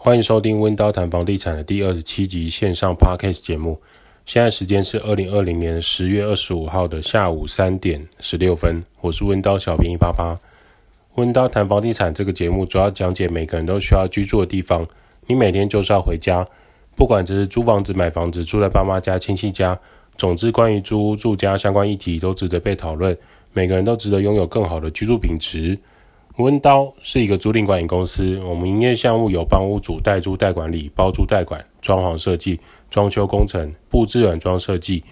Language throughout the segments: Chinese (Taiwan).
歡迎收聽《溫叨談房地產》的第二十七集線上 podcast 節目。現在時間是二零二零年十月二十五號的下午三點十六分。我是溫叨小便宜爸爸。溫叨談房地產這個節目主要講解每個人都需要居住的地方。你每天就是要回家，不管只是租房子、買房子、住在爸媽家、親戚家，總之關於租屋、住家相關議題都值得被討論。每個人都值得擁有更好的居住品質。溫叨是一個租賃管理公司，我們營業項目有幫屋主代租代管理、包租代管、裝潢設計、裝修工程、布置軟裝設計。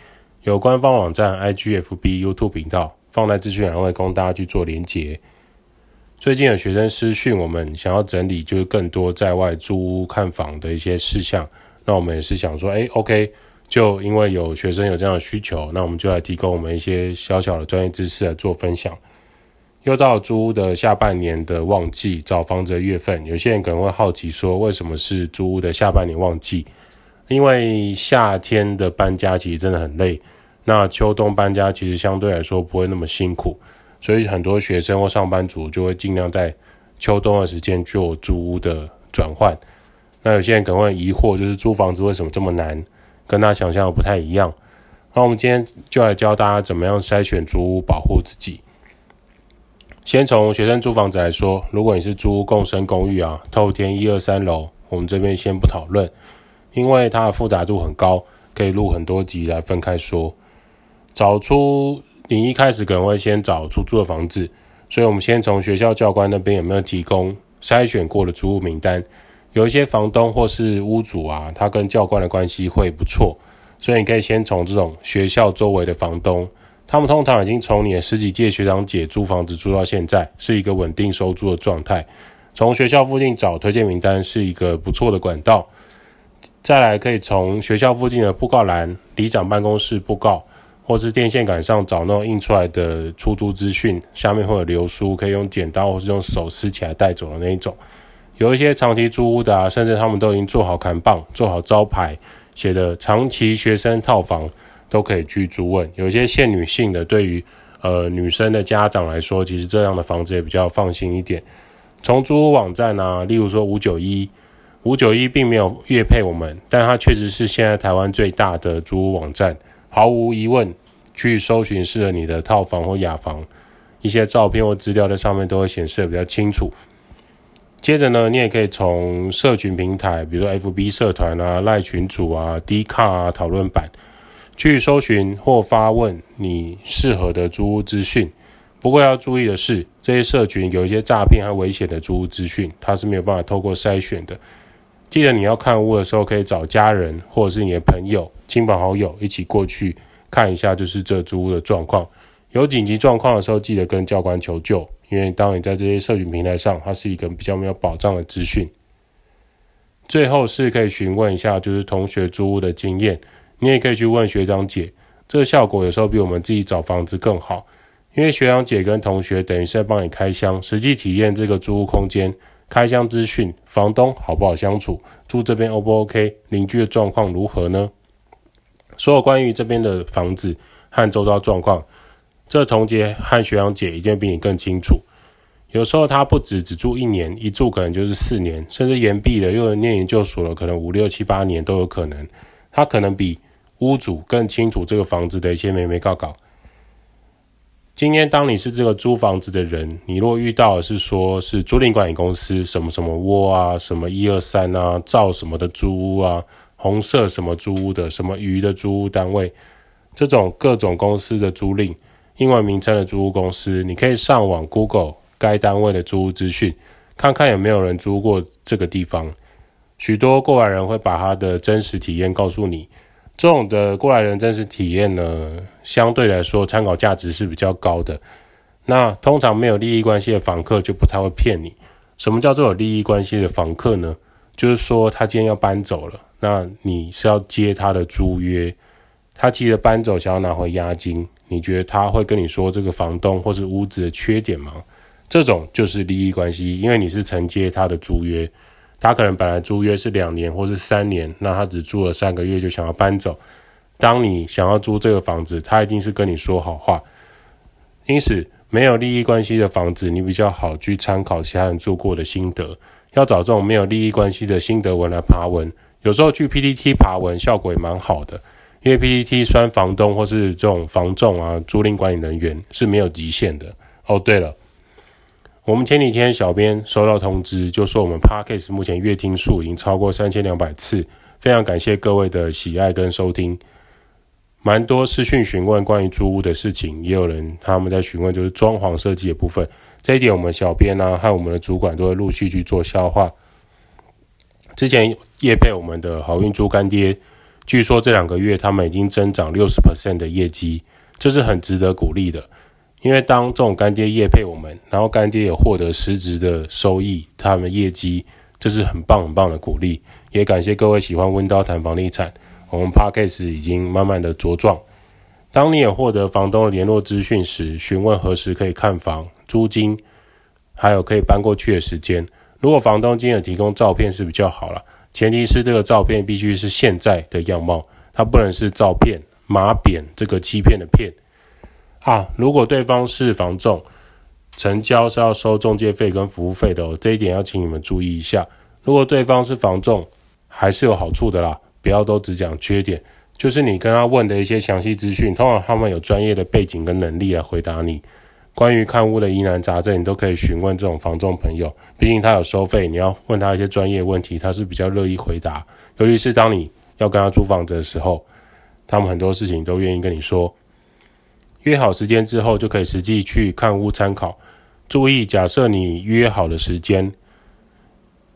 有官方網站、IGFB、YouTube 頻道，放在資訊欄位供大家去做連結。最近有學生私訊我們，想要整理就是更多在外租屋看房的一些事項，那我們也是想說，哎、欸，OK，就因為有學生有這樣的需求，那我們就來提供我們一些小小的專業知識來做分享。又到租屋的下半年的旺季，找房子的月份。有些人可能會好奇說，為什麼是租屋的下半年旺季？因為夏天的搬家其實真的很累，那秋冬搬家其實相對來說不會那麼辛苦，所以很多學生或上班族就會儘量在秋冬的時間做租屋的轉換。那有些人可能會疑惑，就是租房子為什麼這麼難，跟他想象的不太一樣。那我們今天就來教大家怎麼樣篩選租屋，保護自己。先從學生租房子來說，如果你是租共生公寓啊，透天一二三樓，我們這邊先不討論，因為它的複雜度很高，可以錄很多集來分開說。找出你一開始可能會先找出租的房子，所以我們先從學校教官那邊有沒有提供篩選過的租屋名單。有一些房東或是屋主啊，他跟教官的關係會不錯，所以你可以先從這種學校周圍的房東。他們通常已經從你的十幾屆學長姐租房子租到現在，是一個穩定收租的狀態。從學校附近找推薦名單是一個不錯的管道。再來可以從學校附近的布告欄、里長辦公室布告，或是電線桿上找那種印出來的出租資訊，下面會有流蘇，可以用剪刀或是用手撕起來帶走的那一種。有一些長期租屋的，啊，甚至他們都已經做好看板、做好招牌，寫的“長期學生套房”。都可以去租問，有些限女性的，對於呃女生的家長來說，其實這樣的房子也比較放心一點。從租屋網站啊，例如說五九一，五九一並沒有業配我們，但它確實是現在台灣最大的租屋網站，毫無疑問。去搜尋適合你的套房或雅房，一些照片或資料在上面都會顯示得比較清楚。接着呢，你也可以從社群平台，比如說 FB 社團啊、賴群組啊、D 卡啊、討論版。去搜尋或發問你適合的租屋資訊，不過要注意的是，這些社群有一些詐騙和危險的租屋資訊，它是沒有辦法透過篩選的。記得你要看屋的時候，可以找家人或者是你的朋友、親朋好友一起過去看一下，就是這租屋的狀況。有緊急狀況的時候，記得跟教官求救，因為當你在這些社群平台上，它是一個比較沒有保障的資訊。最後是可以詢問一下，就是同學租屋的經驗。你也可以去問學長姐，這個效果有時候比我們自己找房子更好，因為學長姐跟同學等於是在幫你開箱，實際體驗這個租屋空間、開箱資訊、房東好不好相處、住這邊 O 不 OK、鄰居的狀況如何呢？所有關於這邊的房子和周遭狀況，這個、同學和學長姐一定比你更清楚。有時候他不止只住一年，一住可能就是四年，甚至延畢了，又念研究所了，可能五六七八年都有可能。他可能比。屋主更清楚這個房子的一些眉眉角角。今天，當你是這個租房子的人，你若遇到的是說是租賃管理公司什麼什麼窩啊，什麼一二三啊，造什麼的租屋啊，紅色什麼租屋的什麼魚的租屋單位，這種各種公司的租賃英文名稱的租屋公司，你可以上網 Google 該單位的租屋資訊，看看有沒有人租過這個地方。許多過來人會把他的真實體驗告訴你。這種的過來人真實體驗呢，相對來說參考價值是比較高的。那通常沒有利益關係的房客就不太會騙你。什麼叫做有利益關係的房客呢？就是說他今天要搬走了，那你是要接他的租約，他急着搬走想要拿回押金，你覺得他會跟你說這個房東或是屋子的缺點嗎？這種就是利益關係，因為你是承接他的租約。他可能本來租約是兩年或是三年，那他只住了三個月就想要搬走。當你想要租這個房子，他一定是跟你說好話。因此，沒有利益關係的房子，你比較好去參考其他人住過的心得。要找這種沒有利益關係的心得文來爬文，有時候去 PTT 爬文效果也蠻好的，因為 PTT 酸房東或是這種房仲啊、租賃管理人員是沒有極限的。哦，對了。我們前幾天小編收到通知，就說我們 Podcast 目前月聽數已經超過三千兩百次，非常感謝各位的喜愛跟收聽。蠻多私訊詢問關於租屋的事情，也有人他們在詢問就是裝潢設計的部分，這一點我們小編呢、啊、和我們的主管都會陸續去做消化。之前業配我們的好運豬乾爹，據說這兩個月他們已經增長六十 percent 的業績，這是很值得鼓勵的。因為當這種乾爹業配我們，然後乾爹也獲得實質的收益，他們業績，這是很棒很棒的鼓勵，也感謝各位喜歡溫叨談房地產，我們 package 已經慢慢的茁壯。當你有獲得房東的聯絡資訊時，詢問何時可以看房、租金，還有可以搬過去的時間。如果房東今天有提供照片是比較好了，前提是這個照片必須是現在的樣貌，它不能是照片馬扁這個欺騙的騙。啊，如果對方是房仲，成交是要收仲介費跟服務費的哦，這一點要請你們注意一下。如果對方是房仲，還是有好處的啦，不要都只講缺點。就是你跟他問的一些詳細資訊，通常他們有專業的背景跟能力來回答你。關於看屋的疑難雜症，你都可以詢問這種房仲朋友，畢竟他有收費，你要問他一些專業問題，他是比較樂意回答。尤其是當你要跟他租房子的時候，他們很多事情都願意跟你說。約好時間之後，就可以實際去看屋參考。注意，假設你約好的時間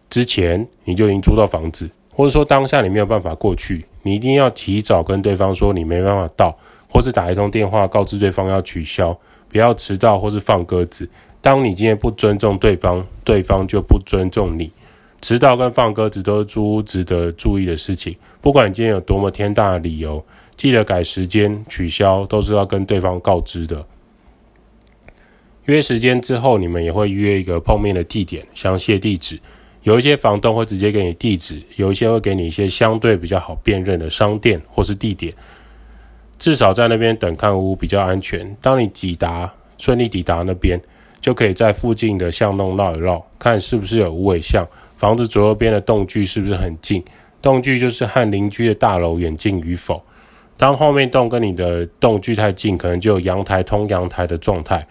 之前你就已經租到房子，或者說當下你沒有辦法過去，你一定要提早跟對方說你沒辦法到，或是打一通電話告知對方要取消，不要遲到或是放鴿子。當你今天不尊重對方，對方就不尊重你。遲到跟放鴿子都是租屋值得注意的事情，不管你今天有多麼天大的理由。記得改時間、取消都是要跟對方告知的。約時間之後，你們也會約一個碰面的地點、詳細地址。有一些房東會直接給你地址，有一些會給你一些相對比較好辨認的商店或是地點。至少在那邊等看屋比較安全。當你抵達順利抵達那邊，就可以在附近的巷弄繞一繞，看是不是有無尾巷，房子左右邊的棟距是不是很近。棟距就是和鄰居的大樓遠近與否。當後面棟跟你的棟距太近，可能就有陽台通陽台的狀態，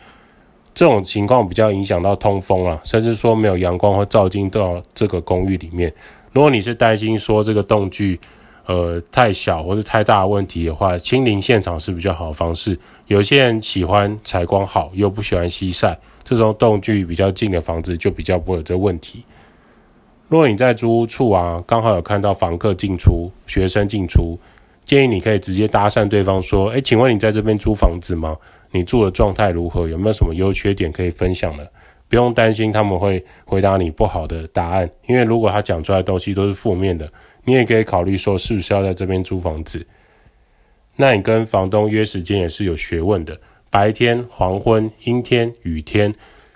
這種情況比較影響到通風了，啊，甚至說沒有陽光會照進到這個公寓裡面。如果你是擔心說這個棟距呃太小或是太大的問題的話，親臨現場是比較好的方式。有些人喜歡採光好又不喜歡西曬，這種棟距比較近的房子就比較不會有這個問題。若你在租屋處啊，剛好有看到房客進出、學生進出，建議你可以直接搭訕對方說：“誒，請問你在這邊租房子嗎？你住的狀態如何？有沒有什麼優缺點可以分享的？不用擔心他們會回答你不好的答案，因為如果他講出來的東西都是負面的，你也可以考慮說是不是要在這邊租房子。那你跟房東約時間也是有學問的，白天、黃昏、陰天、雨天，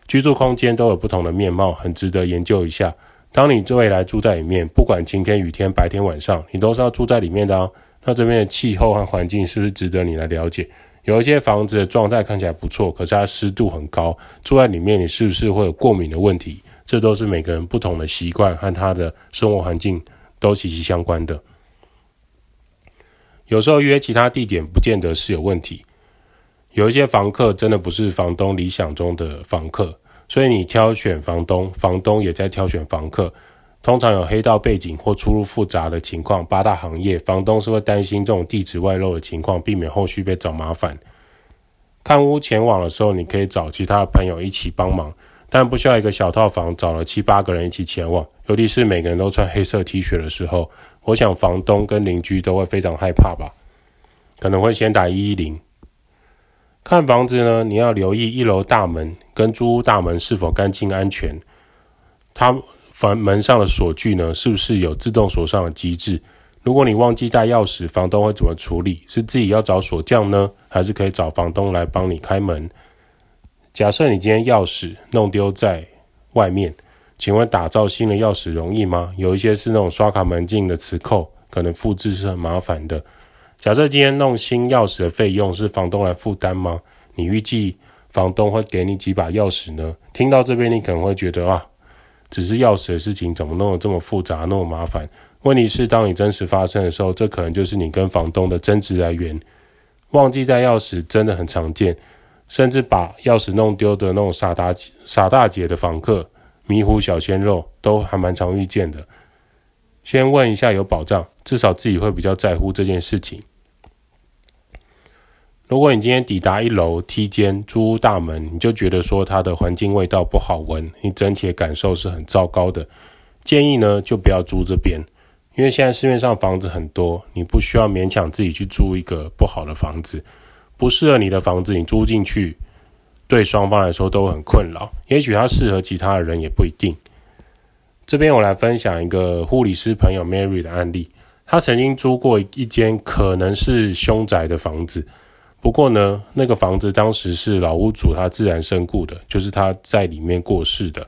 居住空間都有不同的面貌，很值得研究一下。當你未來住在裡面，不管晴天、雨天、白天、晚上，你都是要住在裡面的哦。”那這邊的氣候和環境是不是值得你來了解？有一些房子的狀態看起來不錯，可是它濕度很高，住在裡面你是不是會有過敏的問題？這都是每個人不同的習慣和他的生活環境都息息相關的。有時候約其他地點不見得是有問題，有一些房客真的不是房東理想中的房客，所以你挑選房東，房東也在挑選房客。通常有黑道背景或出入複雜的情況，八大行業房東是會擔心這種地址外露的情況，避免後續被找麻煩。看屋前往的時候，你可以找其他的朋友一起幫忙，但不需要一個小套房，找了七八個人一起前往。尤其是每個人都穿黑色 T 恤的時候，我想房東跟鄰居都會非常害怕吧，可能會先打一一零。看房子呢，你要留意一樓大門跟租屋大門是否乾淨安全。他。房門上的鎖具呢，是不是有自動鎖上的機制？如果你忘記帶鑰匙，房東會怎麼處理？是自己要找鎖匠呢，還是可以找房東來幫你開門？假設你今天鑰匙弄丟在外面，請問打造新的鑰匙容易嗎？有一些是那種刷卡門禁的磁扣，可能複製是很麻煩的。假設今天弄新鑰匙的費用是房東來負擔嗎？你預計房東會給你幾把鑰匙呢？聽到這邊，你可能會覺得啊。只是鑰匙的事情，怎麼弄得這麼複雜，那麼麻煩？問題是，當你真實發生的時候，這可能就是你跟房東的爭執來源。忘記帶鑰匙真的很常見，甚至把鑰匙弄丟的那種傻大傻大姐的房客、迷糊小鮮肉，都還蠻常遇見的。先問一下有保障，至少自己會比較在乎這件事情。如果你今天抵達一樓梯間租屋大門，你就覺得說它的環境味道不好聞，你整體的感受是很糟糕的。建議呢，就不要租這邊，因為現在市面上房子很多，你不需要勉強自己去租一個不好的房子，不適合你的房子，你租進去對雙方來說都很困擾。也許它適合其他的人也不一定。這邊我來分享一個護理師朋友 Mary 的案例，她曾經租過一間可能是凶宅的房子。不過呢，那個房子當時是老屋主他自然身故的，就是他在裡面過世的。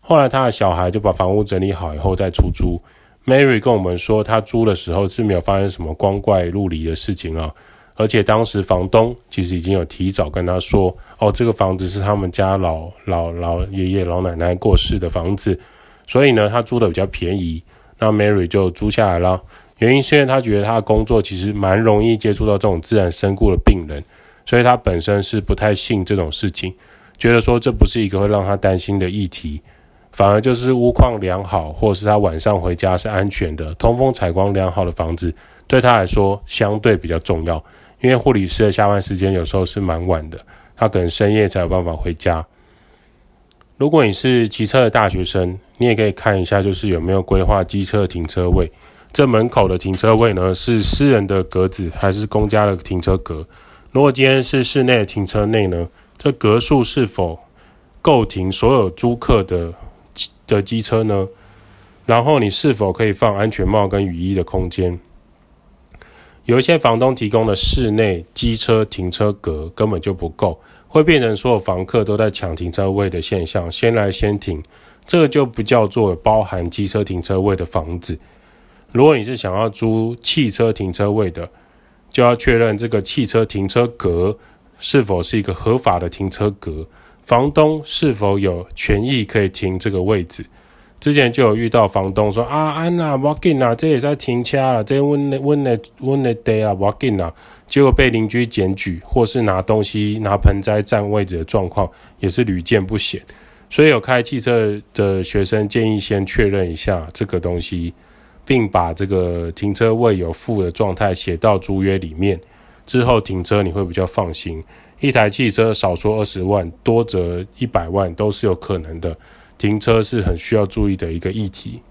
後來他的小孩就把房屋整理好以後再出租。Mary 跟我們說，他租的時候是沒有發生什麼光怪陸離的事情啊，而且當時房東其實已經有提早跟他說，哦，這個房子是他們家老老老爺爺老奶奶過世的房子，所以呢，他租的比較便宜，那 Mary 就租下來了。原因是因為他覺得他的工作其實蠻容易接觸到這種自然身故的病人，所以他本身是不太信這種事情，覺得說這不是一個會讓他擔心的議題，反而就是屋況良好，或是他晚上回家是安全的、通風採光良好的房子，對他來說相對比較重要。因為護理師的下班時間有時候是蠻晚的，他可能深夜才有辦法回家。如果你是騎車的大學生，你也可以看一下，就是有沒有規劃機車停車位。這門口的停車位呢，是私人的格子還是公家的停車格？如果今天是室內停車內呢，這格數是否夠停所有租客的的機車呢？然後你是否可以放安全帽跟雨衣的空間？有一些房東提供的室內機車停車格根本就不夠，會變成所有房客都在搶停車位的現象，先來先停，這個就不叫做包含機車停車位的房子。如果你是想要租汽車停車位的，就要確認這個汽車停車格是否是一個合法的停車格，房東是否有權益可以停這個位置。之前就有遇到房東說：“啊，安娜 walk in 啊，這也在停車啊，這溫嘞溫嘞溫嘞 day 啊 walk in 啊。”結果被鄰居檢舉，或是拿東西拿盆栽佔位置的狀況也是屢見不鮮。所以有開汽車的學生建議先確認一下這個東西。並把這個停車位有附的狀態寫到租約裡面，之後停車你會比較放心。一台汽車少說二十萬，多則一百萬都是有可能的。停車是很需要注意的一個議題。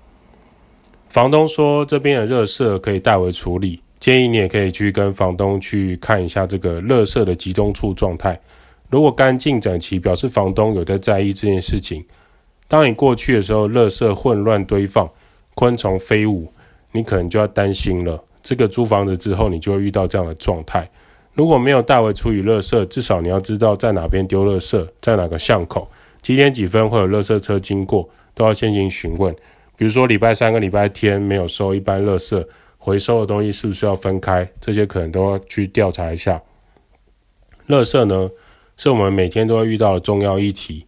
房東說這邊的垃圾可以代為處理，建議你也可以去跟房東去看一下這個垃圾的集中處狀態。如果乾淨整齊，表示房東有在在意這件事情。當你過去的時候，垃圾混亂堆放。昆蟲飛舞，你可能就要擔心了。這個租房子之後，你就會遇到這樣的狀態。如果沒有代為處理垃圾，至少你要知道在哪邊丟垃圾，在哪個巷口，幾點幾分會有垃圾車經過，都要先行詢問。比如說禮拜三跟禮拜天沒有收一般垃圾，回收的東西是不是要分開？這些可能都要去調查一下。垃圾呢，是我們每天都會遇到的重要議題。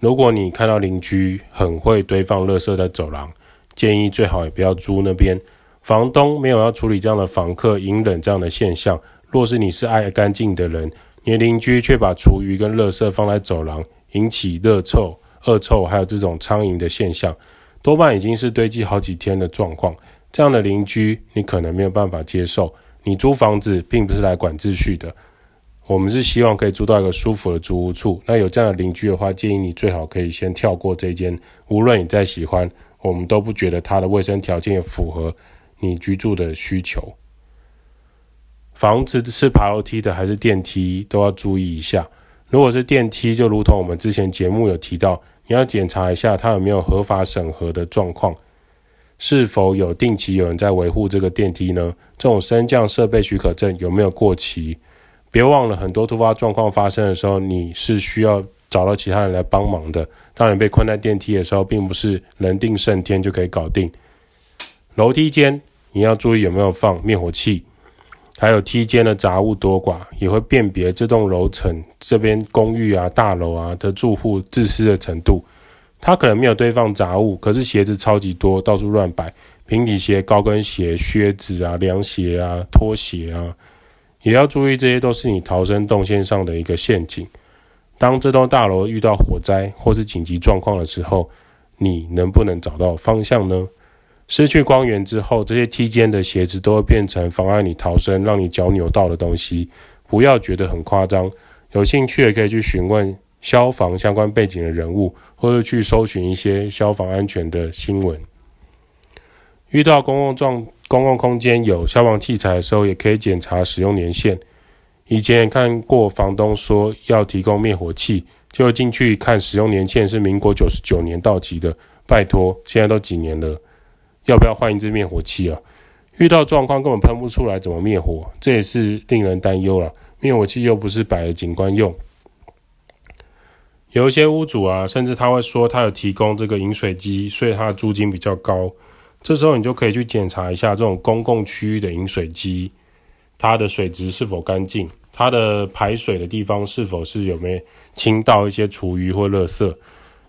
如果你看到鄰居很會堆放垃圾在走廊，建議最好也不要租那邊，房東沒有要處理這樣的房客隱忍這樣的現象。若是你是愛乾淨的人，你的鄰居卻把廚餘跟垃圾放在走廊，引起熱臭、惡臭，還有這種蒼蠅的現象，多半已經是堆積好幾天的狀況。這樣的鄰居，你可能沒有辦法接受。你租房子並不是來管秩序的，我們是希望可以租到一個舒服的租屋處。那有這樣的鄰居的話，建議你最好可以先跳過這間，無論你再喜歡。我們都不覺得它的衛生條件也符合你居住的需求。房子是爬樓梯的還是電梯，都要注意一下。如果是電梯，就如同我們之前節目有提到，你要檢查一下它有沒有合法審核的狀況，是否有定期有人在維護這個電梯呢？這種升降設備許可證有沒有過期？別忘了，很多突發狀況發生的時候，你是需要。找到其他人來幫忙的。當你被困在電梯的時候，並不是人定勝天就可以搞定。樓梯間你要注意有沒有放滅火器，還有梯間的雜物多寡，也會辨別這棟樓層這邊公寓啊、大樓啊的住戶自私的程度。他可能沒有堆放雜物，可是鞋子超級多，到處亂擺，平底鞋、高跟鞋、靴子啊、涼鞋啊、拖鞋啊，也要注意，這些都是你逃生動線上的一個陷阱。當這棟大樓遇到火災或是緊急狀況的時候，你能不能找到方向呢？失去光源之後，這些梯間的鞋子都會變成妨礙你逃生、讓你腳扭到的東西。不要覺得很誇張，有興趣也可以去詢問消防相關背景的人物，或者去搜尋一些消防安全的新聞。遇到公共狀，公共空間有消防器材的時候，也可以檢查使用年限。以前也看過房東說要提供滅火器，就進去看使用年限是民國九十九年到期的，拜託，現在都幾年了，要不要換一支滅火器啊？遇到狀況根本噴不出來，怎麼滅火？這也是令人擔憂啊。滅火器又不是擺著景觀用。有一些屋主啊，甚至他會說他有提供這個飲水機，所以他的租金比較高。這時候你就可以去檢查一下這種公共區域的飲水機。它的水質是否乾淨？它的排水的地方是否是有沒有傾倒一些廚餘或垃圾？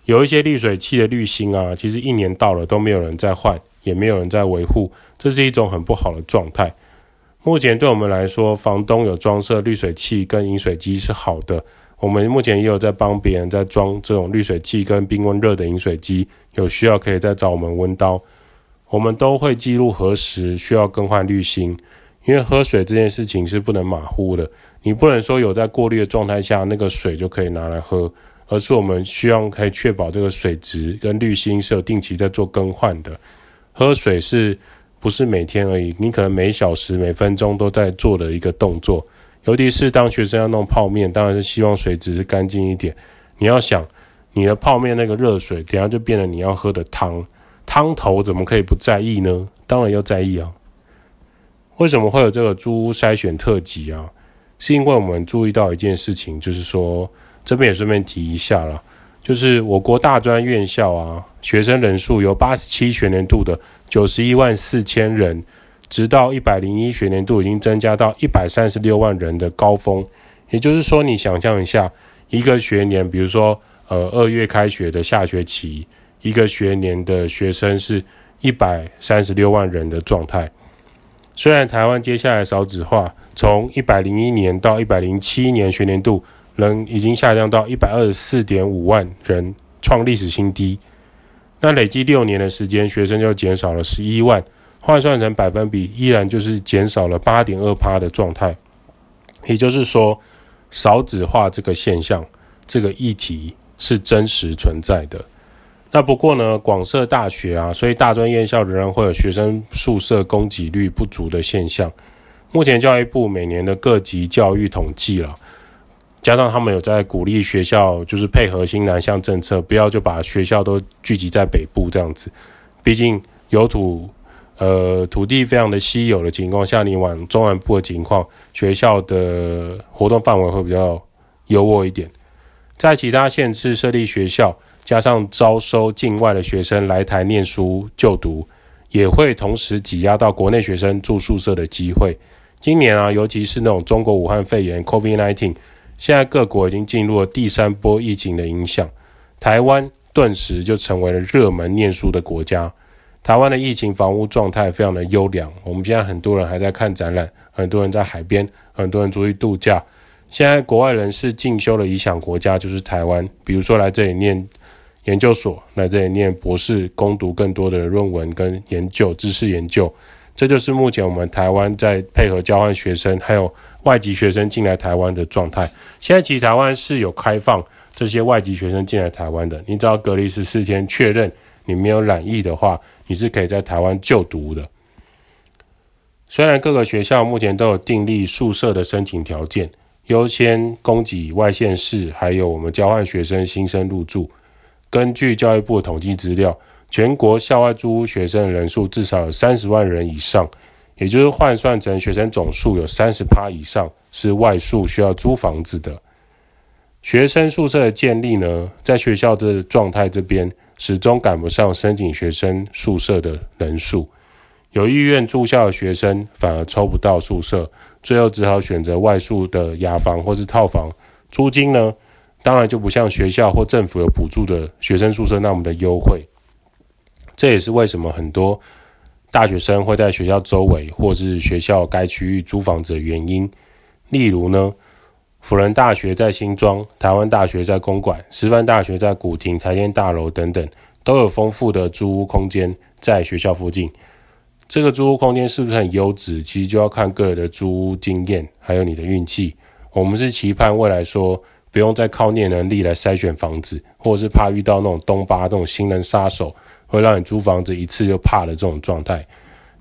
有一些濾水器的濾芯啊，其實一年到了都沒有人在換，也沒有人在維護，這是一種很不好的狀態。目前對我們來說，房東有裝設濾水器跟飲水機是好的。我們目前也有在幫別人在裝這種濾水器跟冰溫熱的飲水機，有需要可以再找我們溫叨，我們都會記錄何時需要更換濾芯。因為喝水這件事情是不能馬虎的，你不能說有在過濾的狀態下那個水就可以拿來喝，而是我們希望可以確保這個水質跟濾芯是有定期在做更換的。喝水是不是每天而已？你可能每小時、每分鐘都在做的一個動作，尤其是當學生要弄泡麵，當然是希望水質是乾淨一點。你要想你的泡麵那個熱水，等一下就變成你要喝的湯，湯頭怎麼可以不在意呢？當然要在意啊。為什麼會有這個租屋篩選特輯啊？是因為我們注意到一件事情，就是說，這邊也順便提一下啦，就是我國大專院校啊，學生人數由八十七學年度的九十一萬四千人，直到一百零一學年度已經增加到一百三十六萬人的高峰。也就是說，你想象一下，一個學年，比如說呃二月開學的下學期，一個學年的學生是一百三十六萬人的狀態。雖然台灣接下來少子化，從一百零一年到一百零七年學年度，人已經下降到一百二十四點五萬人，創歷史新低。那累計六年的時間，學生就減少了十一萬，換算成百分比，依然就是減少了八點二趴的狀態。也就是說，少子化這個現象，這個議題是真實存在的。那不過呢，廣設大學啊，所以大專院校仍然會有學生宿舍供給率不足的現象。目前教育部每年的各級教育統計啦，加上他們有在鼓勵學校就是配合新南向政策，不要就把學校都聚集在北部這樣子。畢竟有土，呃，土地非常的稀有的情況下，像你往中南部的情況，學校的活動範圍會比較優渥一點。在其他縣市設立學校。加上招收境外的學生來台念書就讀，也會同時擠壓到國內學生住宿舍的機會。今年啊，尤其是那種中國武漢肺炎 （COVID-19），現在各國已經進入了第三波疫情的影響，台灣頓時就成為了熱門念書的國家。台灣的疫情防務狀態非常的優良，我們現在很多人還在看展覽，很多人在海邊，很多人出去度假。現在國外人士進修的理想國家就是台灣，比如說來這裡念。研究所來這裡念博士，攻讀更多的論文跟研究、知識研究。這就是目前我們台灣在配合交換學生還有外籍學生進來台灣的狀態。現在其實台灣是有開放這些外籍學生進來台灣的。你只要隔離十四天，確認你沒有染疫的話，你是可以在台灣就讀的。雖然各個學校目前都有訂立宿舍的申請條件，優先供給外縣市還有我們交換學生新生入住。根據教育部統計資料，全國校外租屋學生的人數至少有三十萬人以上，也就是換算成學生總數有三十趴以上是外宿需要租房子的。學生宿舍的建立呢，在學校的狀態這邊始終趕不上申請學生宿舍的人數，有意願住校的學生反而抽不到宿舍，最後只好選擇外宿的雅房或是套房，租金呢？當然就不像學校或政府有補助的學生宿舍那麼的優惠，這也是為什麼很多大學生會在學校周圍或是學校該區域租房子的原因。例如呢，輔仁大學在新莊，台灣大學在公館，師範大學在古亭、台電大樓等等，都有豐富的租屋空間在學校附近。這個租屋空間是不是很優質？其實就要看個人的租屋經驗，還有你的運氣。我們是期盼未來說，不用再靠念能力來篩選房子，或者是怕遇到那種東巴這種新人殺手，會讓你租房子一次就怕的這種狀態。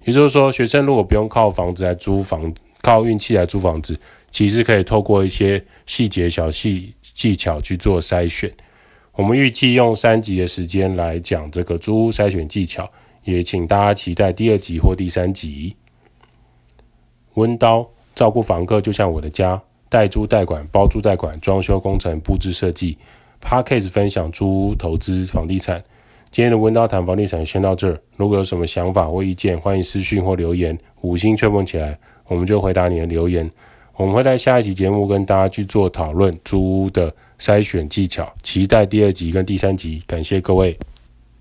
也就是說，學生如果不用靠房子來租房，靠運氣來租房子，其實可以透過一些細節小細技巧去做篩選。我們預計用三集的時間來講這個租屋篩選技巧，也請大家期待第二集或第三集。溫叨，照顧房客就像我的家。代租代管、包租代管、裝修工程、佈置設計。Podcast 分享租屋投資房地產。今天的溫叨談房地產先到這兒。如果有什麼想法或意見，歡迎私訊或留言。五星吹捧起來，我們就回答你的留言。我們會在下一期節目跟大家去做討論租屋的篩選技巧。期待第二集跟第三集。感謝各位。